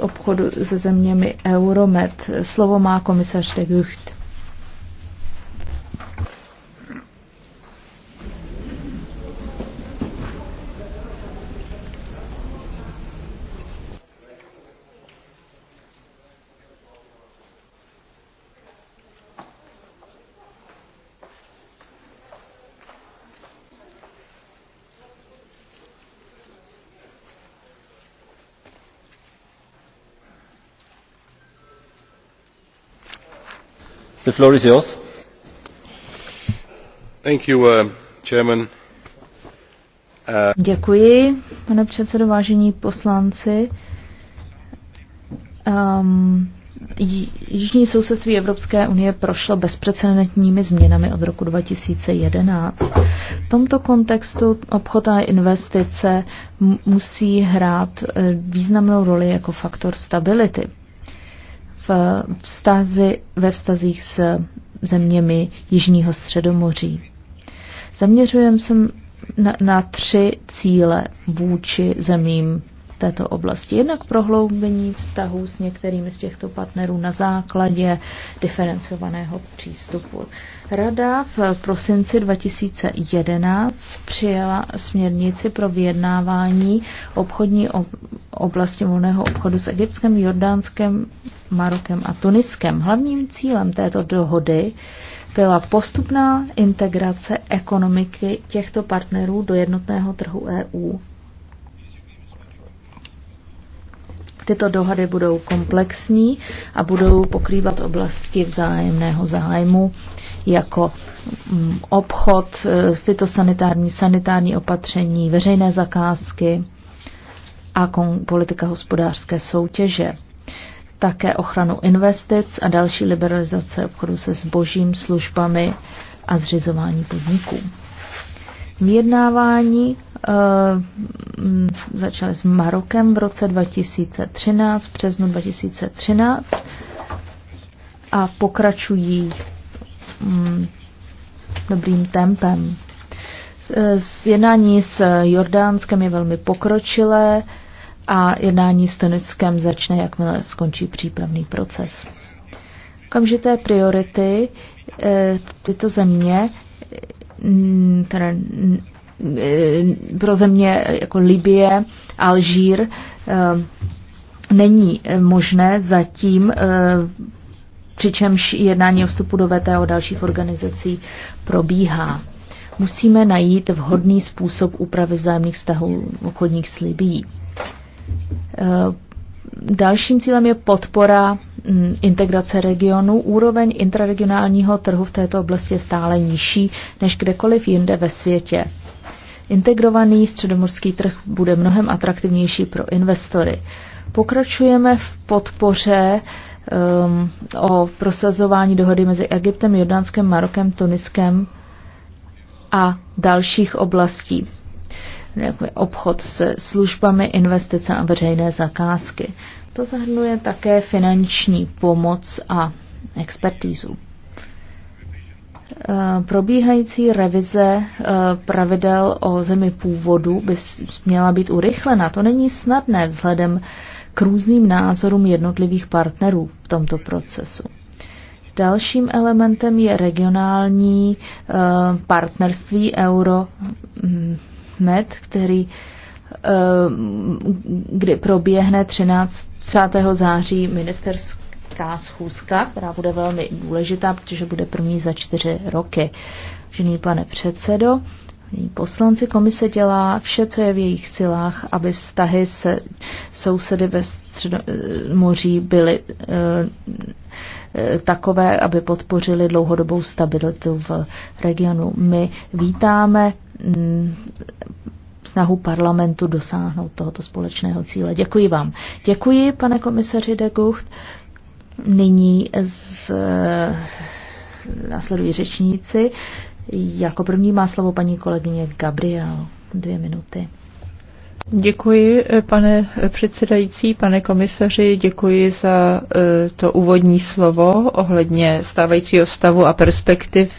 obchodu se zeměmi Euromed. Slovo má komisař de Gucht. Uh, uh, Děkuji, pane předsedo, vážení poslanci. Um, Jižní sousedství Evropské unie prošlo bezprecedentními změnami od roku 2011. V tomto kontextu obchod a investice musí hrát eh, významnou roli jako faktor stability v vztazi, ve vztazích s zeměmi Jižního středomoří. Zaměřujeme se na, na tři cíle vůči zemím této oblasti. Jednak prohloubení vztahů s některými z těchto partnerů na základě diferencovaného přístupu. Rada v prosinci 2011 přijela směrnici pro vyjednávání obchodní oblasti volného obchodu s Egyptskem, Jordánskem, Marokem a Tuniskem. Hlavním cílem této dohody byla postupná integrace ekonomiky těchto partnerů do jednotného trhu EU Tyto dohady budou komplexní a budou pokrývat oblasti vzájemného zájmu jako mm, obchod, eh, fitosanitární, sanitární opatření, veřejné zakázky a politika hospodářské soutěže. Také ochranu investic a další liberalizace obchodu se zbožím, službami a zřizování podniků. Vyjednávání eh, začaly s Marokem v roce 2013, v březnu 2013 a pokračují mm, dobrým tempem. Eh, jednání s Jordánskem je velmi pokročilé a jednání s Tuniskem začne, jakmile skončí přípravný proces. Okamžité priority eh, tyto země Mm, teda mm, e, pro země jako Libie, Alžír e, není možné zatím, e, přičemž jednání o vstupu do VTO dalších organizací probíhá. Musíme najít vhodný způsob úpravy vzájemných vztahů obchodních s Libií. Dalším cílem je podpora mm, integrace regionu. Úroveň intraregionálního trhu v této oblasti je stále nižší než kdekoliv jinde ve světě. Integrovaný středomorský trh bude mnohem atraktivnější pro investory. Pokračujeme v podpoře um, o prosazování dohody mezi Egyptem, Jordánskem, Marokem, Tuniskem a dalších oblastí. Jako obchod se službami, investice a veřejné zakázky. To zahrnuje také finanční pomoc a expertízu. Eh, probíhající revize eh, pravidel o zemi původu by měla být urychlena. To není snadné vzhledem k různým názorům jednotlivých partnerů v tomto procesu. Dalším elementem je regionální eh, partnerství euro mm, Med, který eh, kdy proběhne 13. 30. září ministerská schůzka, která bude velmi důležitá, protože bude první za čtyři roky. Žený pane předsedo, Poslanci komise dělá vše, co je v jejich silách, aby vztahy se sousedy ve Středomoří byly e, takové, aby podpořili dlouhodobou stabilitu v regionu. My vítáme mm, snahu parlamentu dosáhnout tohoto společného cíle. Děkuji vám. Děkuji, pane komisaři de Gucht. Nyní z, e, následují řečníci. E, jako první má slovo paní kolegyně Gabriel. Dvě minuty. Děkuji, eh, pane eh, předsedající, pane komisaři, děkuji za eh, to úvodní slovo ohledně stávajícího stavu a perspektiv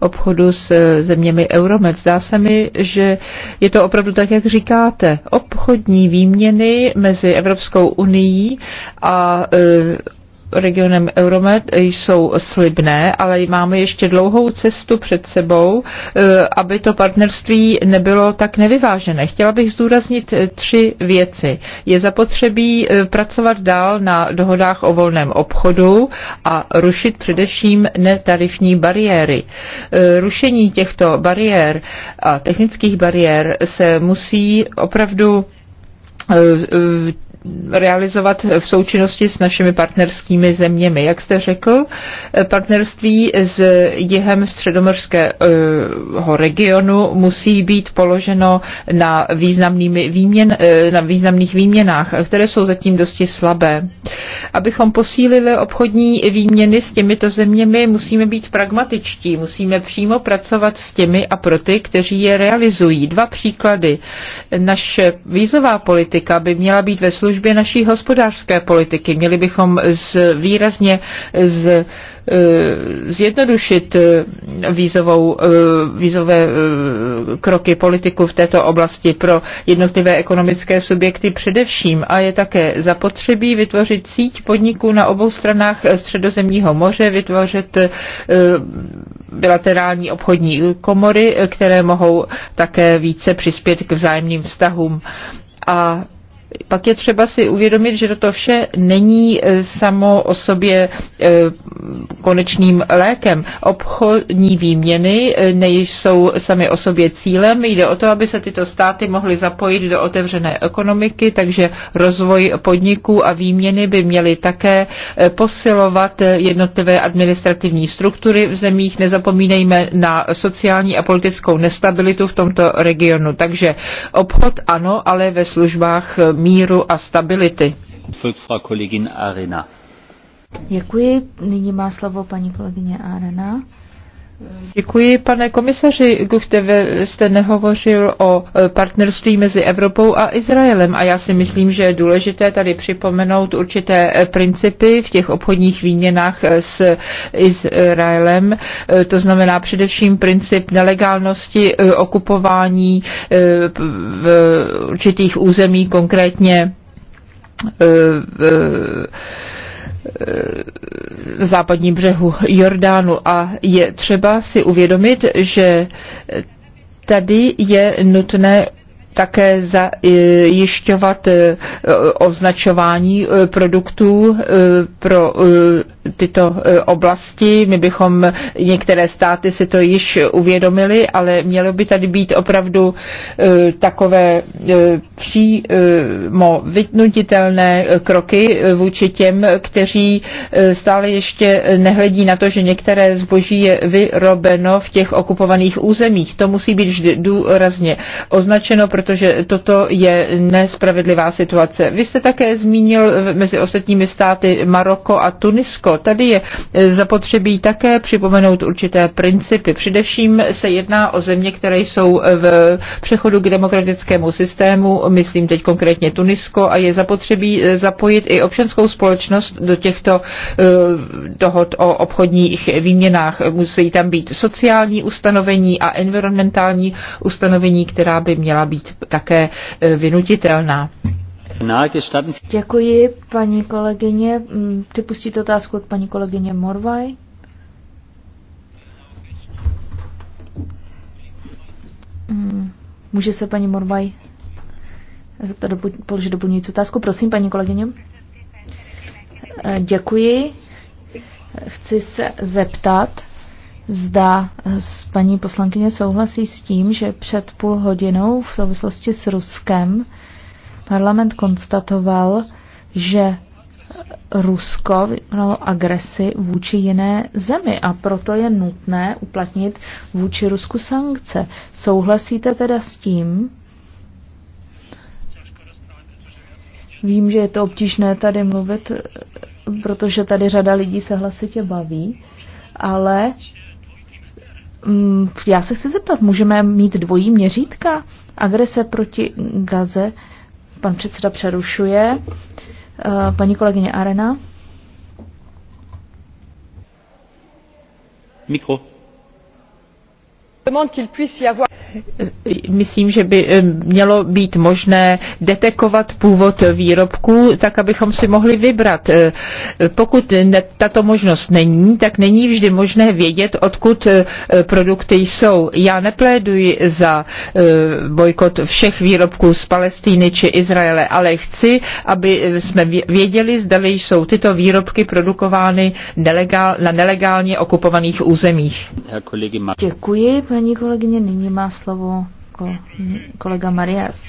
obchodu s zeměmi Euromed. Zdá se mi, že je to opravdu tak, jak říkáte. Obchodní výměny mezi Evropskou unii a regionem Euromed jsou slibné, ale máme ještě dlouhou cestu před sebou, eh, aby to partnerství nebylo tak nevyvážené. Chtěla bych zdůraznit eh, tři věci. Je zapotřebí eh, pracovat dál na dohodách o volném obchodu a rušit především netarifní bariéry. Rušení těchto bariér a technických bariér se musí opravdu realizovat v součinnosti s našimi partnerskými zeměmi. Jak jste řekl, partnerství s jihem středomorského eh, regionu musí být položeno na, významnými výměn, eh, na významných výměnách, které jsou zatím dosti slabé. Abychom posílili obchodní výměny s těmito zeměmi, musíme být pragmatičtí, musíme přímo pracovat s těmi a pro ty, kteří je realizují. Dva příklady. Naše vízová politika by měla být ve službě službě naší hospodářské politiky. Měli bychom z, výrazně z e, zjednodušit e, vízovou, e, vízové kroky politiku v této oblasti pro jednotlivé ekonomické subjekty především a je také zapotřebí vytvořit síť podniků na obou stranách středozemního moře, vytvořit bilaterální obchodní komory, které mohou také více přispět k vzájemným vztahům a pak je třeba si uvědomit, že toto vše není e, samo o sobě e, konečným lékem. Obchodní výměny e, nejsou sami o sobě cílem. Jde o to, aby se tyto státy mohly zapojit do otevřené ekonomiky, takže rozvoj podniků a výměny by měly také posilovat jednotlivé administrativní struktury v zemích. Nezapomínejme na sociální a politickou nestabilitu v tomto regionu. Takže obchod ano, ale ve službách míru a stability. Děkuji. Nyní má slovo paní kolegyně Arena. Děkuji, pane komisaři Guchte, jste nehovořil o e, partnerství mezi Evropou a Izraelem a já si myslím, že je důležité tady připomenout určité e, principy v těch obchodních výměnách e, s Izraelem, to znamená především princip nelegálnosti okupování v určitých území, konkrétně v Eh, západním břehu Jordánu a je třeba si uvědomit, že tady je nutné také zajišťovat eh, označování eh, produktů eh, pro tyto oblasti. My bychom, některé státy si to již uvědomili, ale mělo by tady být opravdu takové přímo vytnutitelné kroky vůči těm, kteří stále ještě nehledí na to, že některé zboží je vyrobeno v těch okupovaných územích. To musí být vždy důrazně označeno, protože toto je nespravedlivá situace. Vy jste také zmínil eh, mezi ostatními státy Maroko a Tunisko. Tady je eh, zapotřebí také připomenout určité principy. Především se jedná o země, které jsou eh, v přechodu k demokratickému systému, myslím teď konkrétně Tunisko, a je zapotřebí zapojit i občanskou společnost do těchto dohod o obchodních výměnách. Musí tam být sociální ustanovení a environmentální ustanovení, která by měla být také e, vynutitelná. Děkuji, paní kolegyně. Mm, připustíte otázku od paní kolegyně Morvaj? Mm, může se paní Morvaj zeptat, položit doplňující otázku? Prosím, paní kolegyně. E, děkuji. Chci se zeptat, Zda s paní poslankyně souhlasí s tím, že před půl hodinou v souvislosti s Ruskem parlament konstatoval, že Rusko vykonalo agresi vůči jiné zemi a proto je nutné uplatnit vůči Rusku sankce. Souhlasíte teda s tím? Vím, že je to obtížné tady mluvit, protože tady řada lidí se hlasitě baví, ale Mm, já se chci zeptat, můžeme mít dvojí měřítka? Agrese proti Gaze, pan předseda přerušuje. Eh, paní kolegyně Arena. Mikro myslím, že by eh, mělo být možné detekovat původ výrobků, tak abychom si mohli vybrat. Eh, pokud tato možnost není, tak není vždy možné vědět, odkud eh, produkty jsou. Já nepléduji za bojkot všech výrobků z Palestíny či Izraele, ale chci, aby jsme věděli, zda jsou tyto výrobky produkovány nelegál, na nelegálně okupovaných územích. Děkuji, paní kolegyně, nyní má slovo kolega Marias.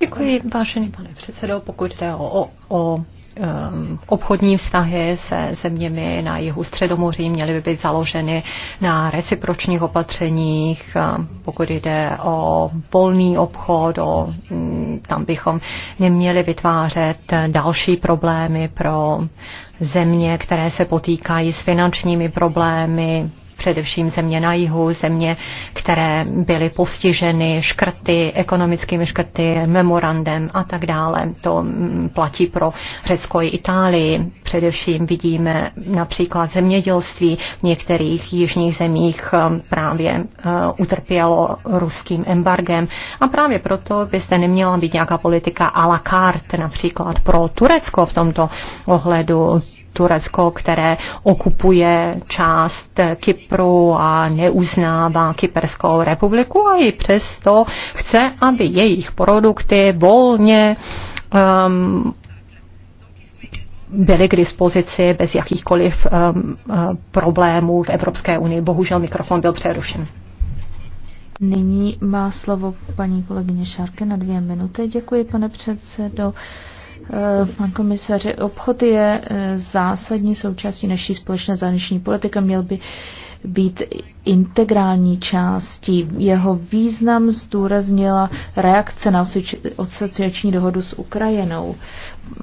Děkuji, vážený pane předsedo. Pokud jde o, o, o Eh, obchodní vztahy se zeměmi na jihu Středomoří měly by být založeny na recipročních opatřeních, eh, pokud jde o volný obchod, o, mm, tam bychom neměli vytvářet další problémy pro země, které se potýkají s finančními problémy, především země na jihu, země, které byly postiženy škrty, ekonomickými škrty, memorandem a tak dále. To mm, platí pro Řecko i Itálii. Především vidíme například zemědělství v některých jižních zemích um, právě uh, utrpělo ruským embargem a právě proto byste neměla být nějaká politika à la carte například pro Turecko v tomto ohledu. Turecko, které okupuje část Kypru a neuznává Kyperskou republiku a i přesto chce, aby jejich produkty volně um, byly k dispozici bez jakýchkoliv um, uh, problémů v Evropské unii. Bohužel mikrofon byl přerušen. Nyní má slovo paní kolegyně Šárke na dvě minuty. Děkuji, pane předsedo. Eh, pan komisaři, obchod je eh, zásadní součástí naší společné zahraniční politiky. Měl by být integrální částí. Jeho význam zdůraznila reakce na asociační dohodu s Ukrajinou.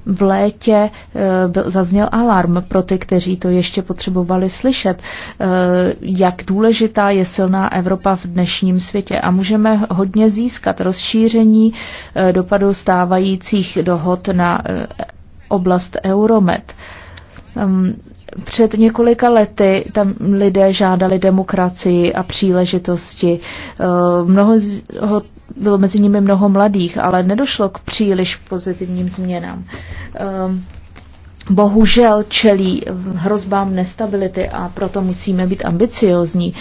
V létě e, byl, zazněl alarm pro ty, kteří to ještě potřebovali slyšet, e, jak důležitá je silná Evropa v dnešním světě. A můžeme hodně získat rozšíření e, dopadu stávajících dohod na oblast Euromed. Před několika lety tam lidé žádali demokracii a příležitosti. Mnoho z, ho, bylo mezi nimi mnoho mladých, ale nedošlo k příliš pozitivním změnám. Bohužel čelí hrozbám nestability a proto musíme být ambiciozní.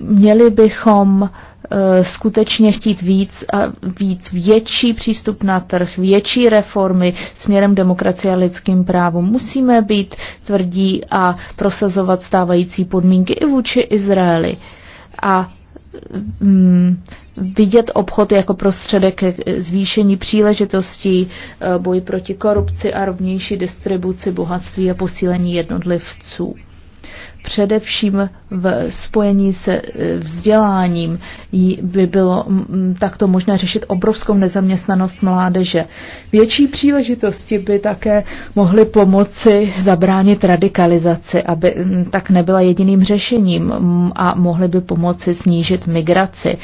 Měli bychom Eh, skutečně chtít víc a víc větší přístup na trh, větší reformy směrem demokracie a lidským právům. Musíme být tvrdí a prosazovat stávající podmínky i vůči Izraeli. A mm, vidět obchod jako prostředek k zvýšení příležitostí, eh, boji proti korupci a rovnější distribuci bohatství a posílení jednotlivců především v spojení se e, vzděláním by bylo takto možné řešit obrovskou nezaměstnanost mládeže. Větší příležitosti by také mohly pomoci zabránit radikalizaci, aby tak nebyla jediným řešením a mohly by pomoci snížit migraci.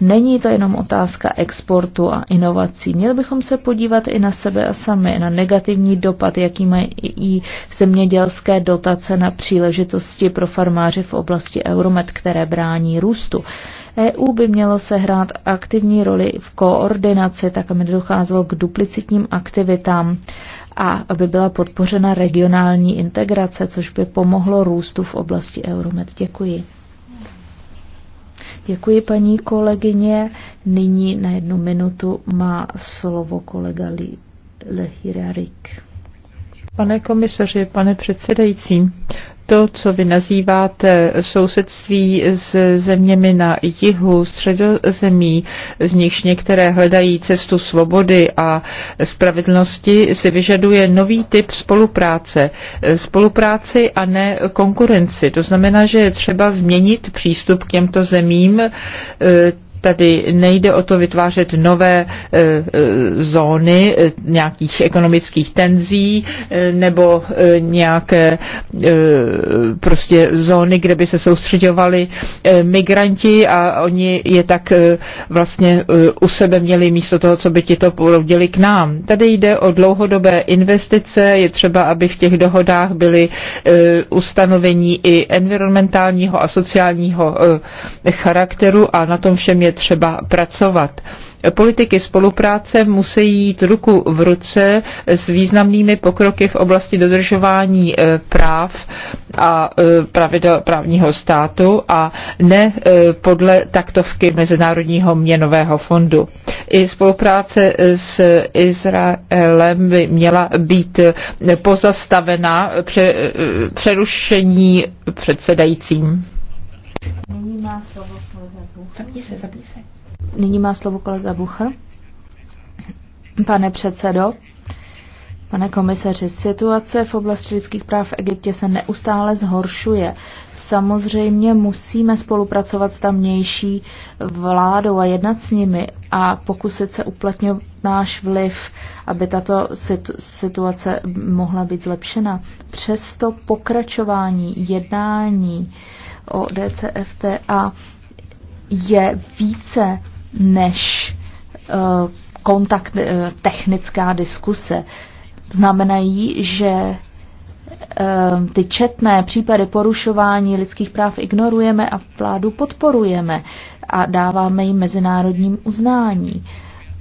Není to jenom otázka exportu a inovací. Měli bychom se podívat i na sebe a sami, na negativní dopad, jaký mají i zemědělské dotace na příležitosti pro farmáře v oblasti Euromed, které brání růstu. EU by mělo sehrát aktivní roli v koordinaci, tak aby docházelo k duplicitním aktivitám a aby byla podpořena regionální integrace, což by pomohlo růstu v oblasti Euromed. Děkuji. Děkuji, paní kolegyně. Nyní na jednu minutu má slovo kolega Lehirarik. Pane komisaři, pane předsedající, to, co vy nazýváte sousedství s zeměmi na jihu, středozemí, z nichž některé hledají cestu svobody a spravedlnosti, si vyžaduje nový typ spolupráce. Spolupráci a ne konkurenci. To znamená, že je třeba změnit přístup k těmto zemím Tady nejde o to vytvářet nové e, e, zóny e, nějakých ekonomických tenzí nebo nějaké prostě zóny, kde by se soustředovali migranti a oni je tak vlastně u sebe měli místo toho, co by ti to proudili k nám. Tady jde o dlouhodobé investice, je třeba, aby v těch dohodách byly ustanovení i environmentálního a sociálního charakteru a na tom všem je třeba pracovat. Politiky spolupráce musí jít ruku v ruce s významnými pokroky v oblasti dodržování e, práv a e, pravidel právního státu a ne e, podle taktovky Mezinárodního měnového fondu. I spolupráce s Izraelem by měla být pozastavena přerušení předsedajícím. Nyní má slovo kolega Bucher. Zapni se, zapni se. Nyní má slovo kolega Bucher. Pane předsedo, Pane komisaři, situace v oblasti lidských práv v Egyptě se neustále zhoršuje. Samozřejmě musíme spolupracovat s tamnější vládou a jednat s nimi a pokusit se uplatňovat náš vliv, aby tato situace mohla být zlepšena. Přesto pokračování jednání o DCFTA je více než eh, kontakt, eh, technická diskuse. Znamenají, že eh, ty četné případy porušování lidských práv ignorujeme a vládu podporujeme a dáváme jim mezinárodním uznání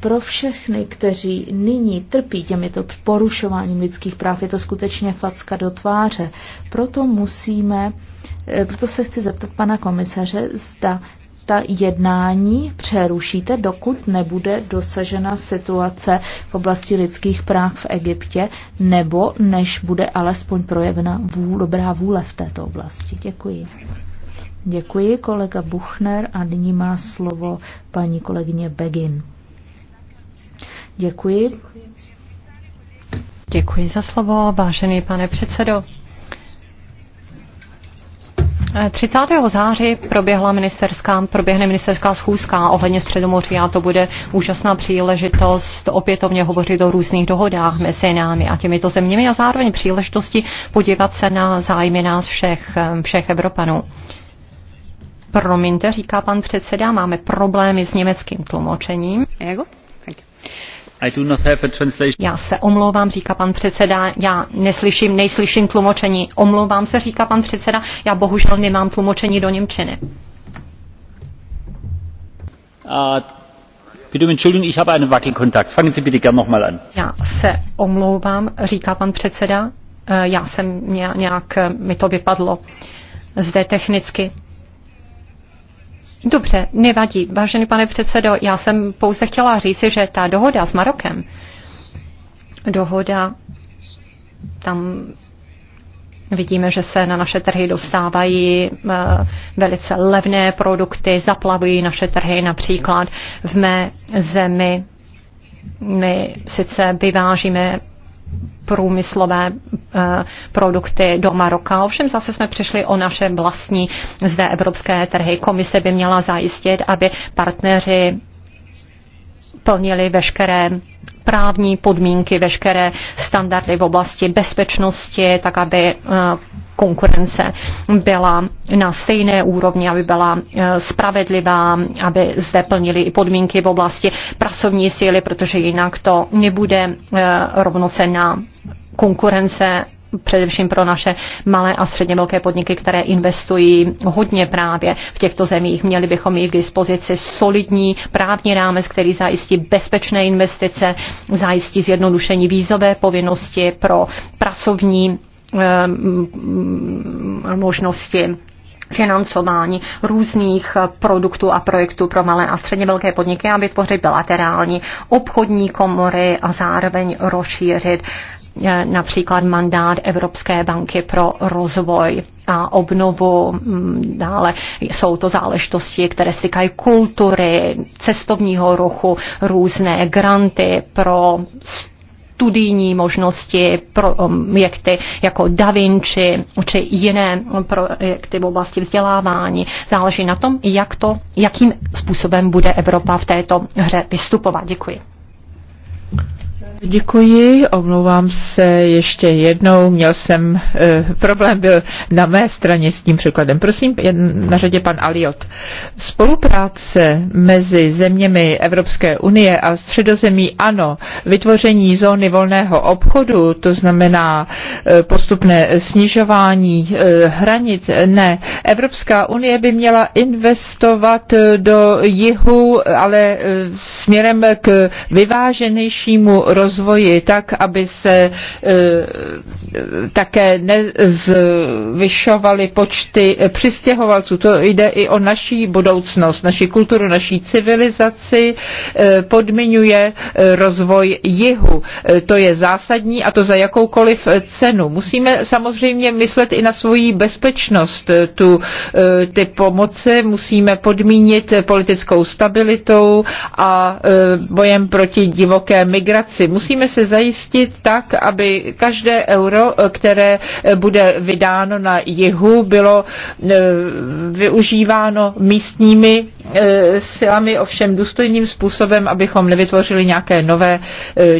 pro všechny, kteří nyní trpí těmito porušováním lidských práv, je to skutečně facka do tváře. Proto musíme, eh, proto se chci zeptat pana komisaře, zda ta jednání přerušíte, dokud nebude dosažena situace v oblasti lidských práv v Egyptě, nebo než bude alespoň projevena vůl, dobrá vůle v této oblasti. Děkuji. Děkuji kolega Buchner a nyní má slovo paní kolegyně Begin. Děkuji. Děkuji za slovo, vážený pane předsedo. 30. září proběhla ministerská, proběhne ministerská schůzka ohledně Středomoří a to bude úžasná příležitost opětovně hovořit o různých dohodách mezi námi a těmito zeměmi a zároveň příležitosti podívat se na zájmy nás všech, všech Evropanů. Promiňte, říká pan předseda, máme problémy s německým tlumočením. Jako? Thank you. Já se omlouvám, říká pan předseda, já neslyším, nejslyším tlumočení. Omlouvám se, říká pan předseda, já bohužel nemám tlumočení do Němčiny. Uh, bitte um entschuldigen, ich habe einen Wackelkontakt. Fangen Sie bitte gern nochmal an. Já se omlouvám, říká pan předseda, e, já jsem nějak e, mi to vypadlo zde technicky. Dobře, nevadí. Vážený pane předsedo, já jsem pouze chtěla říci, že ta dohoda s Marokem, dohoda, tam vidíme, že se na naše trhy dostávají eh, velice levné produkty, zaplavují naše trhy například v mé zemi. My sice vyvážíme průmyslové eh, produkty do Maroka. Ovšem zase jsme přišli o naše vlastní zde evropské trhy. Komise by měla zajistit, aby partneři plnili veškeré právní podmínky, veškeré standardy v oblasti bezpečnosti, tak aby eh, konkurence byla na stejné úrovni, aby byla eh, spravedlivá, aby zde plnili i podmínky v oblasti pracovní síly, protože jinak to nebude eh, rovnocená konkurence především pro naše malé a středně velké podniky, které investují hodně právě v těchto zemích. Měli bychom mít k dispozici solidní právní rámec, který zajistí bezpečné investice, zajistí zjednodušení vízové povinnosti pro pracovní eh, možnosti financování různých produktů a projektů pro malé a středně velké podniky, aby vytvořit bilaterální obchodní komory a zároveň rozšířit Eh, například mandát Evropské banky pro rozvoj a obnovu. Mm, dále jsou to záležitosti, které stykají kultury, cestovního ruchu, různé granty pro studijní možnosti, mm, projekty jako Da Vinci či jiné projekty v oblasti vzdělávání. Záleží na tom, jak to, jakým způsobem bude Evropa v této hře vystupovat. Děkuji. Děkuji, omlouvám se ještě jednou, měl jsem, e, problém byl na mé straně s tím překladem. Prosím, na řadě pan Aliot. Spolupráce mezi zeměmi Evropské unie a středozemí ano, vytvoření zóny volného obchodu, to znamená e, postupné snižování e, hranic, ne. Evropská unie by měla investovat do jihu, ale e, směrem k vyváženějšímu rozvoji rozvoji, tak, aby se e, také nezvyšovaly počty přistěhovalců. To jde i o naší budoucnost, naši kulturu, naší civilizaci, e, podmiňuje e, rozvoj jihu. To je zásadní a to za jakoukoliv cenu. Musíme samozřejmě myslet i na svoji bezpečnost. Tu, ty pomoci musíme podmínit politickou stabilitou a bojem proti divoké migraci. Musíme se zajistit tak, aby každé euro, eh, které eh, bude vydáno na jihu, bylo eh, využíváno místními silami, ovšem důstojným způsobem, abychom nevytvořili nějaké nové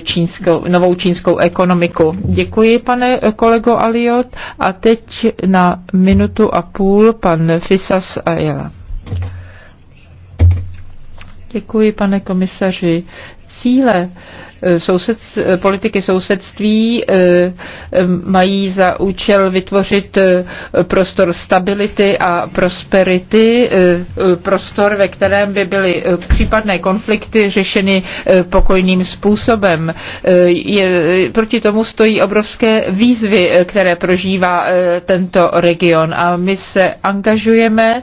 čínskou, novou čínskou ekonomiku. Děkuji, pane kolego Aliot. A teď na minutu a půl pan Fisas Ajela. Děkuji, pane komisaři cíle eh, soused, eh, politiky sousedství eh, mají za účel vytvořit prostor stability a prosperity, prostor, ve kterém by byly případné konflikty řešeny pokojným způsobem. Je, proti tomu stojí obrovské výzvy, které prožívá tento region a my se angažujeme,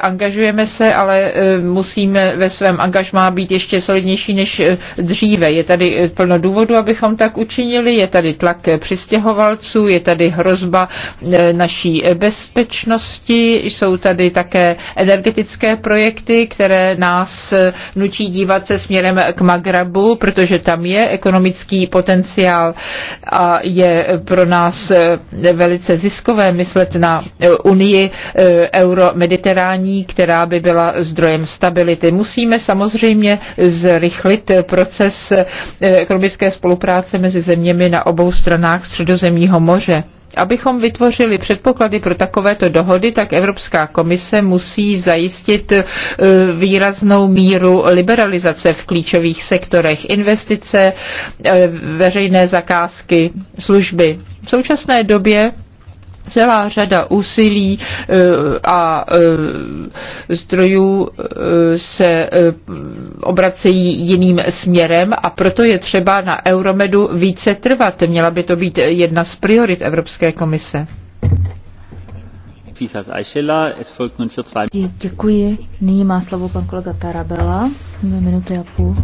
angažujeme se, ale musíme ve svém angažmá být ještě solidnější než dříve. Je tady eh, plno důvodu, abychom tak učinili, je tady tlak eh, přistěhovalců, je tady hrozba eh, naší bezpečnosti, jsou tady také energetické projekty, které nás nutí dívat se směrem k Magrabu, protože tam je ekonomický potenciál a je pro nás velice ziskové myslet na Unii euromediterální, která by byla zdrojem stability. Musíme samozřejmě zrychlit pro proces eh, ekonomické spolupráce mezi zeměmi na obou stranách Středozemního moře. Abychom vytvořili předpoklady pro takovéto dohody, tak Evropská komise musí zajistit eh, výraznou míru liberalizace v klíčových sektorech investice, eh, veřejné zakázky, služby. V současné době celá řada úsilí eh, a eh, zdrojů eh, se obracejí jiným směrem a proto je třeba na Euromedu více trvat. Měla by to být jedna z priorit Evropské komise. Děkuji. Nyní má slovo pan kolega Tarabela. Dvě minuty a půl.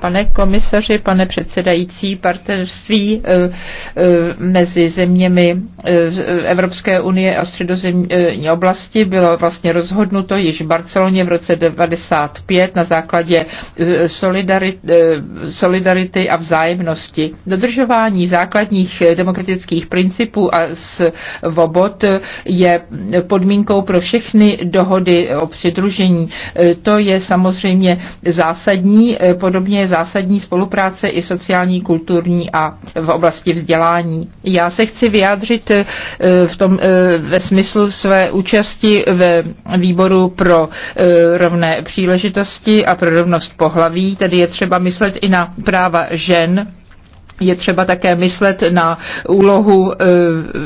Pane komisaři, pane předsedající, partnerství eh, eh, mezi zeměmi eh, Evropské unie a středozemní oblasti bylo vlastně rozhodnuto již v Barceloně v roce 95 na základě solidarity a vzájemnosti. Dodržování základních demokratických principů a svobod je podmínkou pro všechny dohody o přidružení. To je samozřejmě zásadní, podobně je zásadní spolupráce i sociální, kulturní a v oblasti vzdělání. Já se chci vyjádřit eh, v tom, eh, ve smyslu své účasti ve výboru pro eh, rovné příležitosti a pro rovnost pohlaví, tedy je třeba myslet i na práva žen je třeba také myslet na úlohu eh,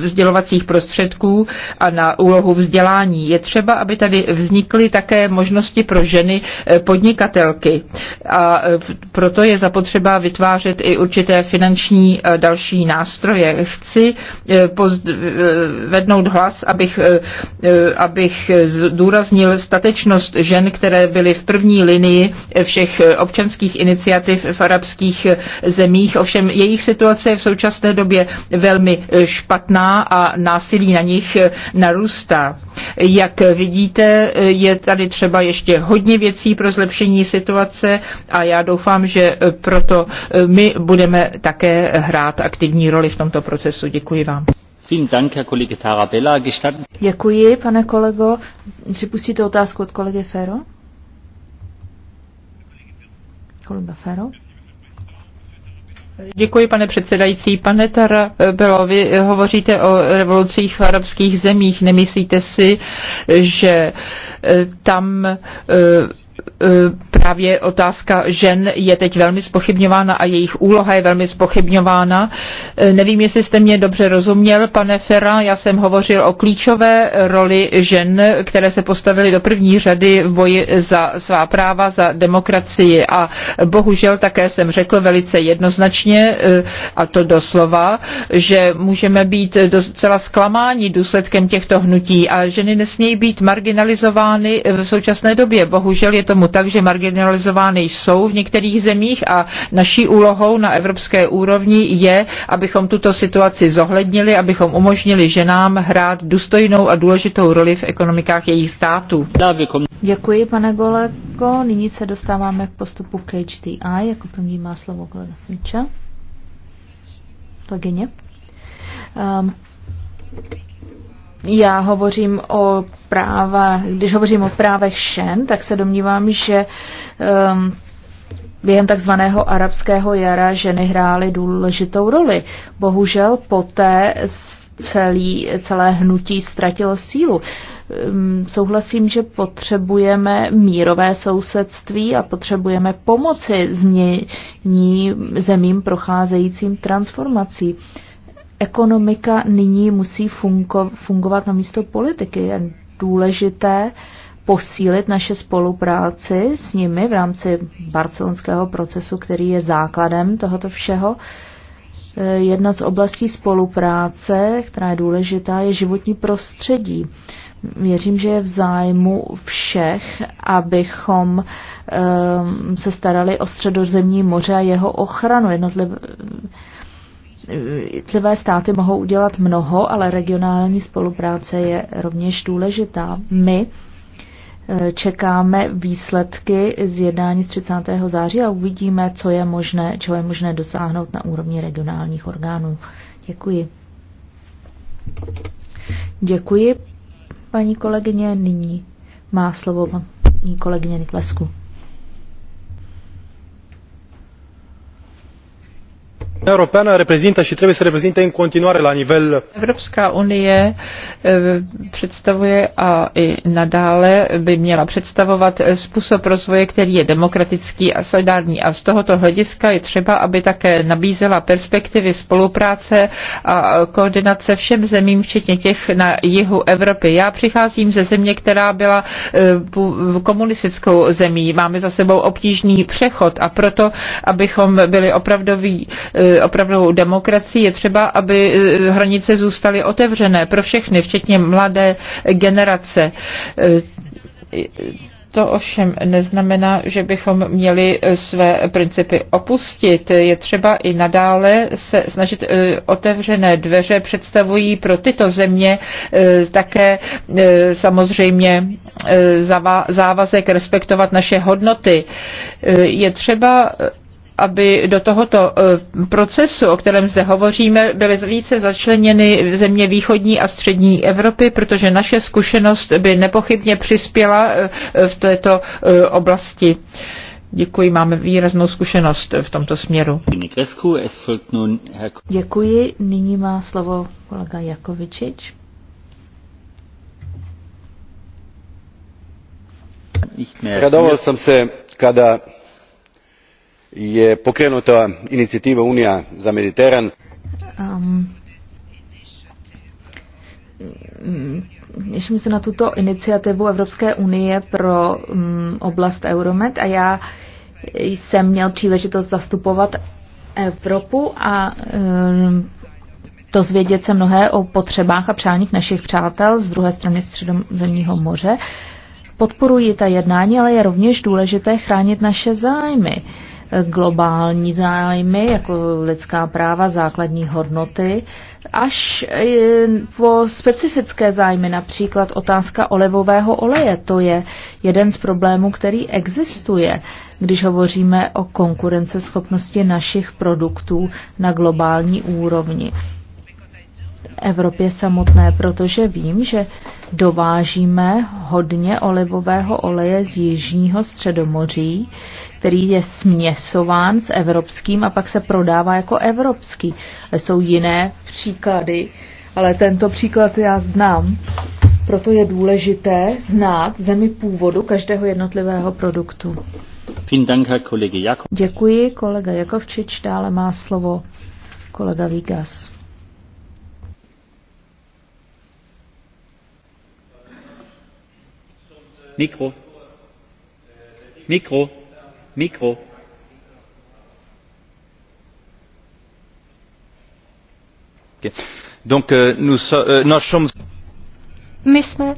vzdělovacích prostředků a na úlohu vzdělání. Je třeba, aby tady vznikly také možnosti pro ženy eh, podnikatelky. A eh, proto je zapotřeba vytvářet i určité finanční další nástroje. Chci vednout hlas, abych, abych zdůraznil statečnost žen, které byly v první linii všech občanských iniciativ v arabských zemích. Ovšem je jejich situace je v současné době velmi e, špatná a násilí na nich e, narůstá. Jak vidíte, e, je tady třeba ještě hodně věcí pro zlepšení situace a já doufám, že proto my budeme také hrát aktivní roli v tomto procesu. Děkuji vám. Děkuji, pane kolego. Připustíte otázku od kolegy Fero? Kolega Fero. Děkuji, pane předsedající. Pane bylo, vy hovoříte o revolucích v arabských zemích. Nemyslíte si, že eh, tam eh, E, právě otázka žen je teď velmi spochybňována a jejich úloha je velmi spochybňována. E, nevím, jestli jste mě dobře rozuměl, pane Fera, já jsem hovořil o klíčové roli žen, které se postavily do první řady v boji za svá práva, za demokracii a bohužel také jsem řekl velice jednoznačně, e, a to doslova, že můžeme být docela zklamáni důsledkem těchto hnutí a ženy nesmějí být marginalizovány v současné době. Bohužel je tomu tak, že marginalizovány jsou v některých zemích a naší úlohou na evropské úrovni je, abychom tuto situaci zohlednili, abychom umožnili ženám hrát důstojnou a důležitou roli v ekonomikách jejich států. Děkuji, pane Goleko. Nyní se dostáváme k postupu k HDI. Jako první má slovo kolega Fincha. Um, já hovořím o práva, když hovořím o právech šen, tak se domnívám, že um, během takzvaného arabského jara ženy hrály důležitou roli. Bohužel poté celý, celé hnutí ztratilo sílu. Um, souhlasím, že potřebujeme mírové sousedství a potřebujeme pomoci změní zemím procházejícím transformací. Uh, ekonomika nyní musí funko, fungovat na místo politiky. Je důležité posílit naše spolupráci s nimi v rámci barcelonského procesu, který je základem tohoto všeho. Eh, jedna z oblastí spolupráce, která je důležitá, je životní prostředí. Věřím, že je v zájmu všech, abychom um, se starali o středozemní moře a jeho ochranu. Jednotlivé Jednotlivé státy mohou udělat mnoho, ale regionální spolupráce je rovněž důležitá. My eh, čekáme výsledky z jednání z 30. září a uvidíme, co je možné, čeho je možné dosáhnout na úrovni regionálních orgánů. Děkuji. Děkuji, paní kolegyně. Nyní má slovo paní kolegyně Niklesku. Europeană reprezintă și trebuie să reprezinte în continuare la nivel... Evropská unie e, představuje a i nadále by měla představovat způsob rozvoje, který je demokratický a solidární. A z tohoto hlediska je třeba, aby také nabízela perspektivy spolupráce a koordinace všem zemím, včetně těch na jihu Evropy. Já přicházím ze země, která byla e, komunistickou zemí. Máme za sebou obtížný přechod a proto, abychom byli opravdoví e, opravdu demokracii, je třeba, aby eh, hranice zůstaly otevřené pro všechny, včetně mladé generace. Eh, to ovšem neznamená, že bychom měli eh, své principy opustit. Je třeba i nadále se snažit otevřené dveře představují pro tyto země také samozřejmě závazek respektovat naše hodnoty. Je třeba aby do tohoto eh, procesu, o kterém zde hovoříme, byly více začleněny země východní a střední Evropy, protože naše zkušenost by nepochybně přispěla eh, v této eh, oblasti. Děkuji, máme výraznou zkušenost v tomto směru. Děkuji, nyní má slovo kolega Jakovičič. Radoval jsem se, kada je pokrenuta inicijativa unija za mediteran ehm, Těším se na tuto iniciativu Evropské unie pro mm, oblast Euromed a já jsem měl příležitost zastupovat Evropu a to ehm, dozvědět se mnohé o potřebách a přáních našich přátel z druhé strany Středozemního moře. Podporuji ta jednání, ale je rovněž důležité chránit naše zájmy globální zájmy, jako lidská práva, základní hodnoty, až po specifické zájmy, například otázka olivového oleje. To je jeden z problémů, který existuje, když hovoříme o konkurenceschopnosti našich produktů na globální úrovni. Evropě samotné, protože vím, že dovážíme hodně olivového oleje z Jižního středomoří, který je směsován s evropským a pak se prodává jako evropský. Jsou jiné příklady, ale tento příklad já znám. Proto je důležité znát zemi původu každého jednotlivého produktu. Děkuji, kolega Jakovčič. Dále má slovo kolega Vigas. Mikro. Mikro. Euh, euh, My jsme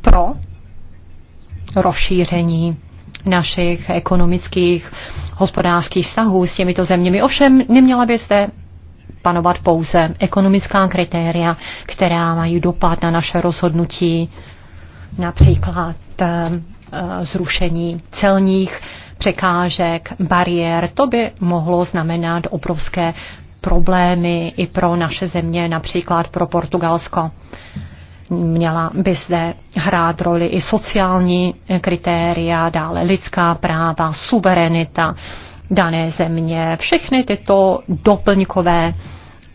pro rozšíření našich ekonomických hospodářských vztahů s těmito zeměmi. Ovšem neměla by zde panovat pouze ekonomická kritéria, která mají dopad na naše rozhodnutí, například eh, Eh, zrušení celních překážek, bariér. To by mohlo znamenat obrovské problémy i pro naše země, například pro Portugalsko. Měla by zde hrát roli i sociální kritéria, dále lidská práva, suverenita dané země. Všechny tyto doplňkové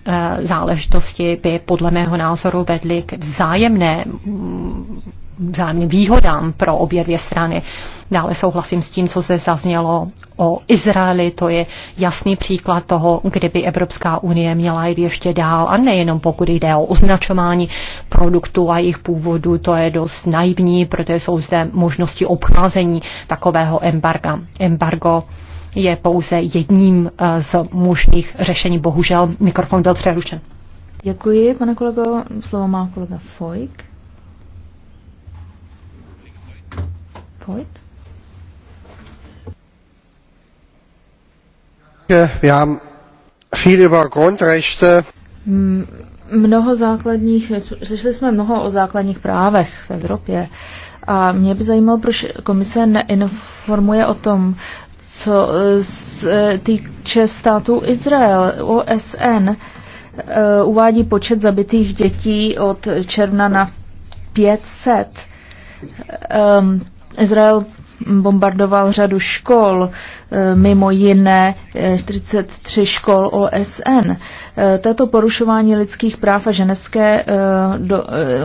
eh, záležitosti by podle mého názoru vedly k vzájemné vzájemným výhodám pro obě dvě strany. Dále souhlasím s tím, co se zaznělo o Izraeli. To je jasný příklad toho, kdyby Evropská unie měla jít ještě dál. A nejenom pokud jde o označování produktů a jejich původu, to je dost naivní, protože jsou zde možnosti obcházení takového embarga. Embargo je pouze jedním eh, z možných řešení. Bohužel mikrofon byl přerušen. Děkuji, pane kolego. Slovo má kolega Fojk. Voigt. Wir haben viel über Grundrechte. Mm, mnoho základních, slyšeli jsme mnoho o základních právech v Evropě. A mě by zajímalo, proč komise neinformuje o tom, co z eh, eh, týče státu Izrael, OSN, eh, uvádí počet zabitých dětí od června na 500. Izrael bombardoval řadu škol, eh, mimo jiné 43 eh, škol OSN. Eh, Tato porušování lidských práv a ženevské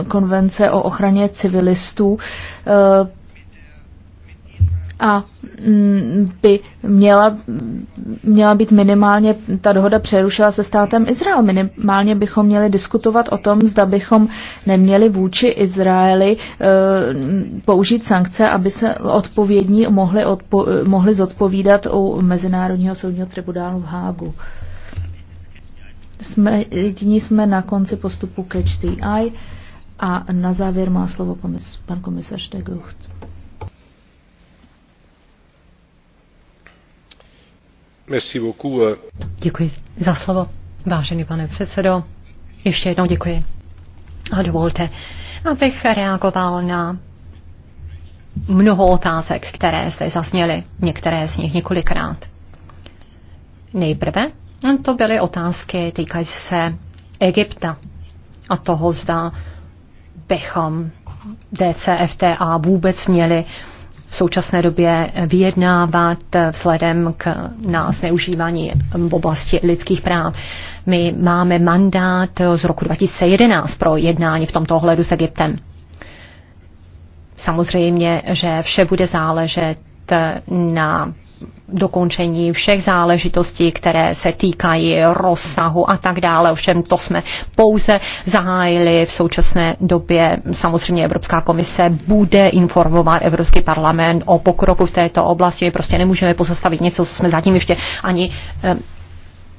konvence o ochraně civilistů a mm, by měla, měla být minimálně ta dohoda přerušila se státem Izrael. Minimálně bychom měli diskutovat o tom, zda bychom neměli vůči Izraeli e, použít sankce, aby se odpovědní mohli, odpo, mohli zodpovídat u Mezinárodního soudního tribunálu v Hágu. Jsme, jediní jsme na konci postupu Catch the Eye a na závěr má slovo komis, pan komisař Degucht. Euh. Děkuji za slovo, vážený pane předsedo. Ještě jednou děkuji. A dovolte, abych reagoval na mnoho otázek, které zde zazněly, některé z nich několikrát. Nejprve to byly otázky týkající se Egypta a toho, zda bychom DCFTA vůbec měli v současné době vyjednávat vzhledem k na zneužívání v oblasti lidských práv. My máme mandát z roku 2011 pro jednání v tomto ohledu s Egyptem. Samozřejmě, že vše bude záležet na dokončení všech záležitostí, které se týkají rozsahu a tak dále. Ovšem to jsme pouze zahájili v současné době. Samozřejmě Evropská komise bude informovat Evropský parlament o pokroku v této oblasti. My prostě nemůžeme pozastavit něco, co jsme zatím ještě ani eh,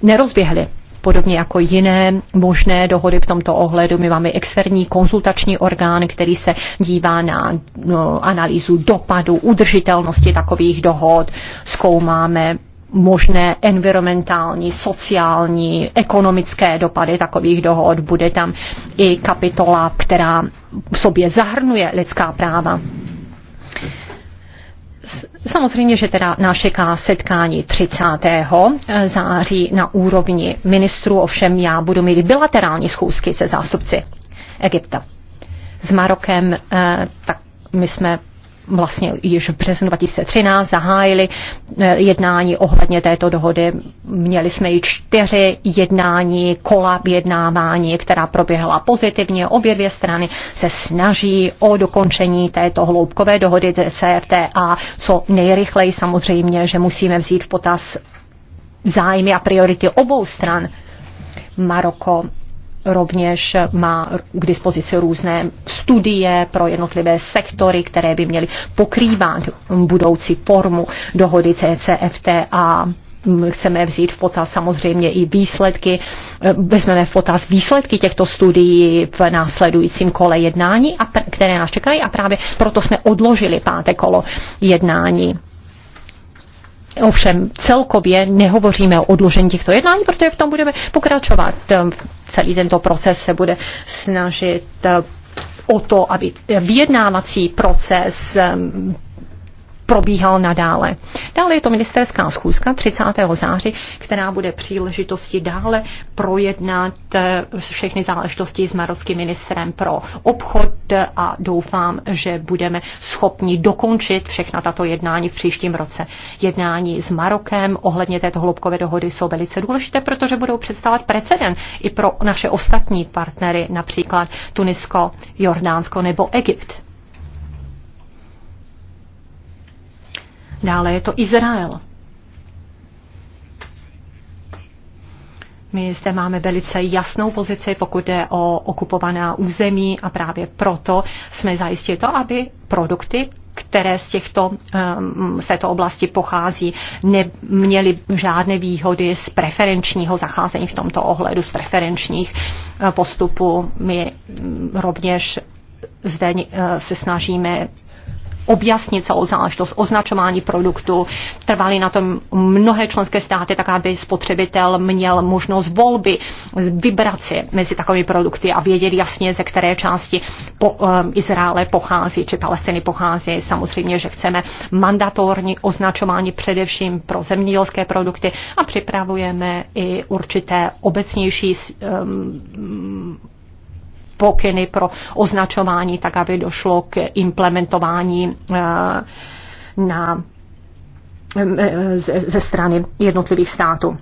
nerozběhli. Podobně jako jiné možné dohody v tomto ohledu, my máme externí konzultační orgán, který se dívá na no, analýzu dopadu, udržitelnosti takových dohod, zkoumáme možné environmentální, sociální, ekonomické dopady takových dohod. Bude tam i kapitola, která v sobě zahrnuje lidská práva. Samozřejmě, že teda nás čeká setkání 30. Eh, září na úrovni ministrů, ovšem já budu mít bilaterální schůzky se zástupci Egypta. S Marokem eh, tak my jsme vlastně již v březnu 2013 zahájili eh, jednání ohledně této dohody. Měli jsme i čtyři jednání, kola jednávání, která proběhla pozitivně. Obě dvě strany se snaží o dokončení této hloubkové dohody CFTA co nejrychleji samozřejmě, že musíme vzít v potaz zájmy a priority obou stran. Maroko rovněž má k dispozici různé studie pro jednotlivé sektory, které by měly pokrývat budoucí formu dohody CCFTA chceme vzít v potaz samozřejmě i výsledky, vezmeme v potaz výsledky těchto studií v následujícím kole jednání, a které nás čekají a právě proto jsme odložili páté kolo jednání. Ovšem celkově nehovoříme o odložení těchto jednání, protože v tom budeme pokračovat. Ehm, celý tento proces se bude snažit eh, o to, aby vyjednávací proces ehm, probíhal nadále. Dále je to ministerská schůzka 30. září, která bude příležitosti dále projednat eh, všechny záležitosti s marockým ministrem pro obchod a doufám, že budeme schopni dokončit všechna tato jednání v příštím roce. Jednání s Marokem ohledně této hloubkové dohody jsou velice důležité, protože budou představovat precedent i pro naše ostatní partnery, například Tunisko, Jordánsko nebo Egypt. Dále je to Izrael. My zde máme velice jasnou pozici, pokud jde o okupovaná území a právě proto jsme zajistili to, aby produkty, které z, těchto, ehm, z této oblasti pochází, neměly žádné výhody z preferenčního zacházení v tomto ohledu, z preferenčních eh, postupů. My hm, rovněž zde eh, se snažíme objasnit celou záležitost označování produktu. Trvali na tom mnohé členské státy, tak aby spotřebitel měl možnost volby, vybrat si mezi takovými produkty a vědět jasně, ze které části po, um, Izraele pochází či Palestiny pochází. Samozřejmě, že chceme mandatorní označování především pro zemědělské produkty a připravujeme i určité obecnější um, pokyny pro označování, tak aby došlo k implementování eh, na, eh, ze, strany jednotlivých států.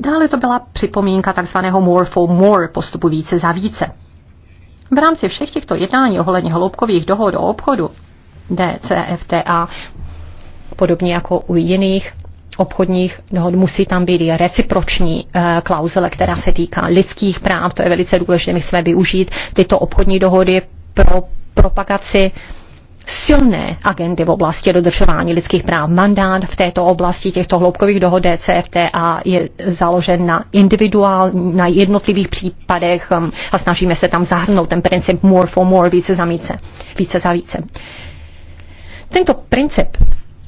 Dále to byla připomínka takzvaného more for more, postupu více za více. V rámci všech těchto jednání ohledně hloubkových dohod o obchodu DCFTA, podobně jako u jiných obchodních dohod musí tam být reciproční eh, klauzule, která se týká lidských práv, to je velice důležité, my chceme využít tyto obchodní dohody pro propagaci silné agendy v oblasti dodržování lidských práv. Mandát v této oblasti těchto hloubkových dohod DCFTA je založen na individuál, na jednotlivých případech hm, a snažíme se tam zahrnout ten princip more for more, více za více, více za více. Tento princip,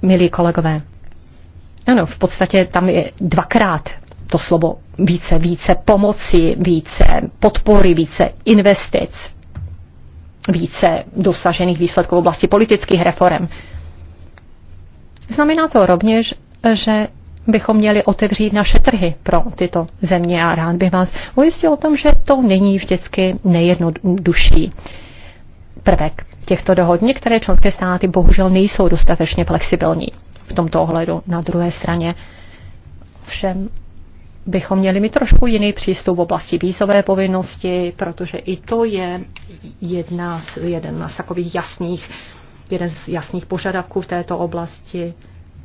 milí kolegové, ano, v podstatě tam je dvakrát to slovo více, více pomoci, více podpory, více investic, více dosažených výsledků v oblasti politických reform. Znamená to rovněž, že bychom měli otevřít naše trhy pro tyto země a rád bych vás ujistil o tom, že to není vždycky nejjednodušší prvek těchto dohod. Některé členské státy bohužel nejsou dostatečně flexibilní v tomto ohledu. Na druhé straně všem bychom měli mít trošku jiný přístup v oblasti vízové povinnosti, protože i to je jedna z, jeden z takových jasných, jeden z jasných požadavků v této oblasti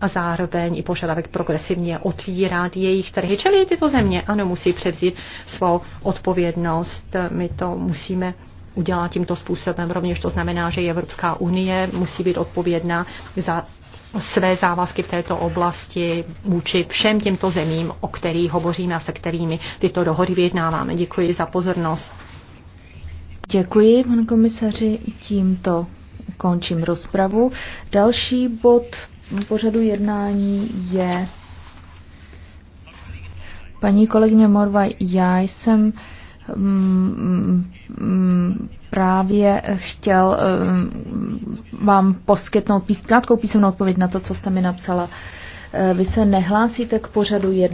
a zároveň i požadavek progresivně otvírat jejich trhy. Čili tyto země, ano, musí převzít svou odpovědnost. My to musíme udělat tímto způsobem. Rovněž to znamená, že Evropská unie musí být odpovědná za své závazky v této oblasti vůči všem těmto zemím, o kterých hovoříme a se kterými tyto dohody vyjednáváme. Děkuji za pozornost. Děkuji, pane komisaři. Tímto končím rozpravu. Další bod pořadu jednání je paní kolegyně Morva. Já jsem mm, mm, právě chtěl ehm, vám poskytnout krátkou písemnou odpověď na to, co jste mi napsala. Eh, vy se nehlásíte k pořadu jednání?